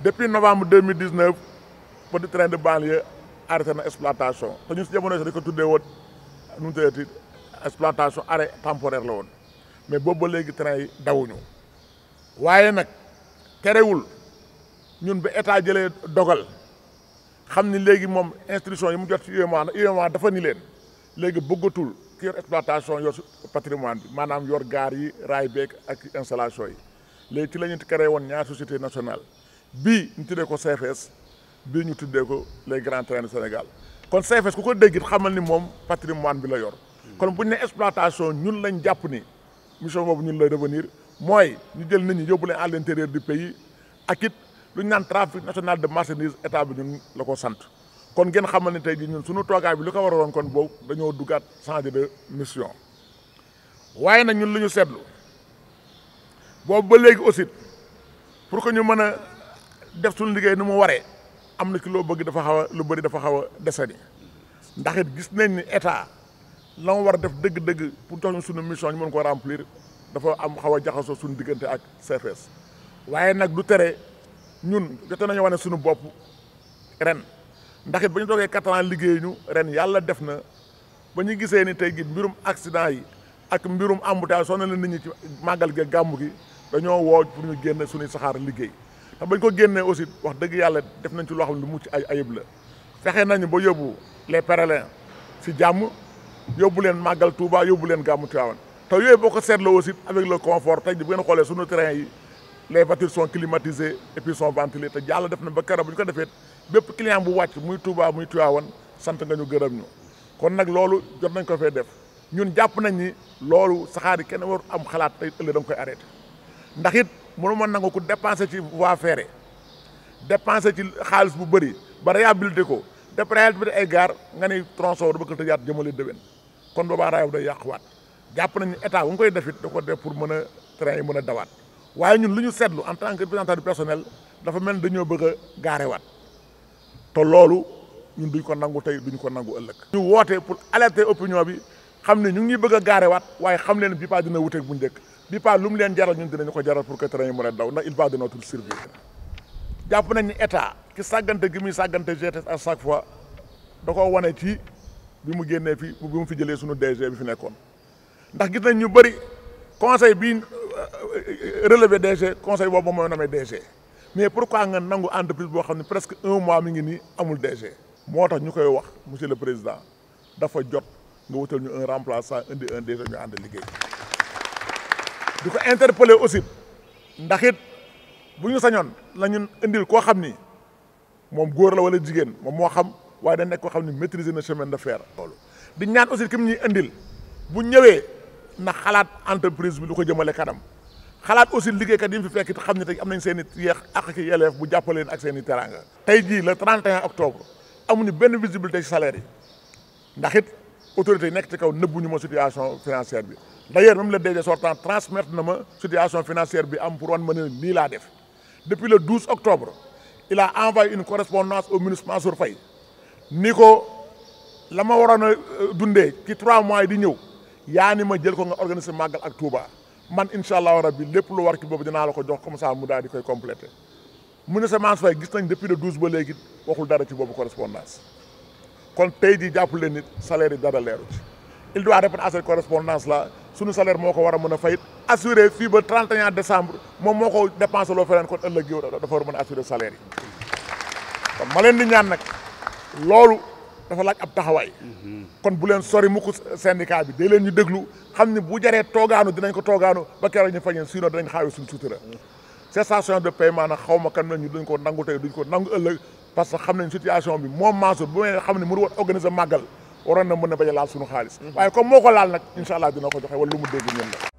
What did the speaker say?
depuis novembre 2019 petit train de banlieue arrêté na exploitation te ñun si jamono si dañ ko tuddee woon nu mu exploitation arrêt temporaire la woon mais boobu ba léegi train yi dawuñu waaye nag terewul ñun ba état jëlee dogal xam ni léegi moom instruction yi mu jot ci UEMOA na UEMOA dafa ni leen léegi bëggatul ki exploitation yor patrimoine bi maanaam yor gaar yi raay beeg ak installation yi léegi ci la ñu créé woon société nationale bii ñu tuddee ko CFS bii ñu tuddee ko le grands trains du Sénégal kon CFS ku ko dégg it xamal ni moom patrimoine bi la yor. kon bu ñu ne exploitation ñun lañ jàpp ni mission boobu ñun la revenir mooy ñu jël nit ñi yóbbu leen à l'intérieur du pays ak it lu ñu naan trafic national de marchandises état bi ñun la ko sant. kon ngeen xamal ne tey jii ñun suñu toogaay bi lu ko waraloon kon boobu dañoo duggaat changer de mission waaye nag ñun lu ñu seetlu boobu ba def suñu liggéey ni mu waree am na ci loo bëgg dafa xaw a lu bëri dafa xaw a desani ndax it gis nañ ni état la mu war def dëgg-dëgg pour jox ñu suñu mission ñu mën ko remplir dafa am xaw a jaxasoo suñu diggante ak CRS waaye nag du tere ñun jote nañu wane suñu bopp ren ndaxit it ba ñu toogee quatre ans liggéey ñu ren yàlla def na ba ñu gisee ni tey gi mbirum accident yi ak mbirum embouteillage soo na la nit ñi ci màggal gi gàmmu gi dañoo woo pour ñu génn suñuy saxaar liggéey ndax bañ ko génnee aussi wax dëgg yàlla def nañ ci loo xam lu mucc ay ayib la fexe nañu ba yóbbu les pèlerins si jàmm yóbbu leen màggal tuubaa yóbbu leen gàmmu Tivaouane te yooyu boo ko seetloo aussi avec le confort tey ji bu ngeen xoolee suñu terrain yi les voitures sont climatisées et te jàll def na ba keroog bu ñu ko defee bépp client bu wàcc muy Touba muy Tivaouane sant nga ñu gërëm ñu kon nag loolu jot nañ ko fee def ñun jàpp nañ ni loolu saxaar yi kenn warul am xalaat tey ëllëg da nga koy ndax mënu ma nangu ku dépensé ci voie ferrée dépensé ci xaalis bu bëri ba réhabilité ko def réhabilité ay gaar nga ni tronçon du bëgg a tëjaat jëmale déwén kon boobaa raay day waat jàpp nañu état wu nga koy def it da ko def pour mën a train yi mën a dawaat waaye ñun lu ñu seetlu en tant que représentant du personnel dafa mel ni dañoo bëgg a waat te loolu ñun duñ ko nangu tey duñ ko nangu ëllëg. ñu woote pour alerter opinion bi xam ne ñu ngi bëgg a gaarewaat waaye xam leen bi paa dina wuteeg bu njëkk. bi pas lu mu leen jaral ñun dinañu ko jaral pour que train yi mën a daw ndax il va de notre survie jàpp nañ ni état ki sàggante gi muy sàggante GTS à chaque fois da koo wane ci bi mu génnee fi bi mu fi jëlee suñu DG bi fi nekkoon ndax gis nañ ñu bëri conseil bi euh, euh, relevé DG conseil boobu mooy nommé DG mais pourquoi nga nangu entreprise boo xam ne presque un mois mi ngi nii amul DG moo tax ñu koy wax monsieur le président dafa jot nga wutal ñu un remplaçant indi un DG ñu ànd liggéey di ko interpellé aussi ndax it bu ñu sañoon la ñun indil koo xam ni moom góor la wala jigéen moom moo xam waaye dañ nekk koo xam ni maîtriser na chemin de fer loolu di ñaan aussi kim ñuy indil bu ñëwee na xalaat entreprise bi lu ko jëmale kanam xalaat aussi liggéeykat yi mu fi fekk it xam ni tey am nañ seen i yeex ak ki yeleef bu jàppaleen ak seen i teranga tey jii le 31 octobre amuñu benn visibilité ci salaire yi ndax it autorités nekk ci kaw nëbbuñu ma situation financière bi d'ailleurs même le DG sortant transmettre na ma situation financière bi am pour one ma ne la def depuis le 12 octobre il a envoyé une correspondance au ministre Mansour Faye Niko la ma waroon a euh, trois mois di ñew yaani ma jël ko nga organiser magal ak Touba man inshallah allahu rabbi lépp lu war ci bobu dina la ko jox comme ça mu daal di koy compléter. mu fay gis nañ depuis le 12 ba légui waxul dara ci bobu correspondance kon tay di jappulé nit salaire dara leeru il doit répondre à cette correspondance là sunu salaire moo ko war a mën a fay assuré fii ba 31 décembre moom moo ko dépensé loo feneen kon ëllëg yow dafa war a mën a assuré salaire yi ma leen di ñaan nag loolu dafa laaj ab taxawaay kon bu leen sori mukk syndicat bi day leen ñu déglu xam ne bu jaree toogaanu dinañ ko toogaanu ba keroog ñu fañeen sinon dinañ xaawi suñu sutura cessation de paiement nag xaw ma kan la ñu duñ ko nangu tey duñ ko nangu ëllëg parce que xam nañ situation bi moom Mansour bu may xam ne mënu woon organiser màggal waroon na mën a bañ a laal suñu xaalis waaye comme moo ko laal nag incha dina ko joxe wala lu mu dégg ñun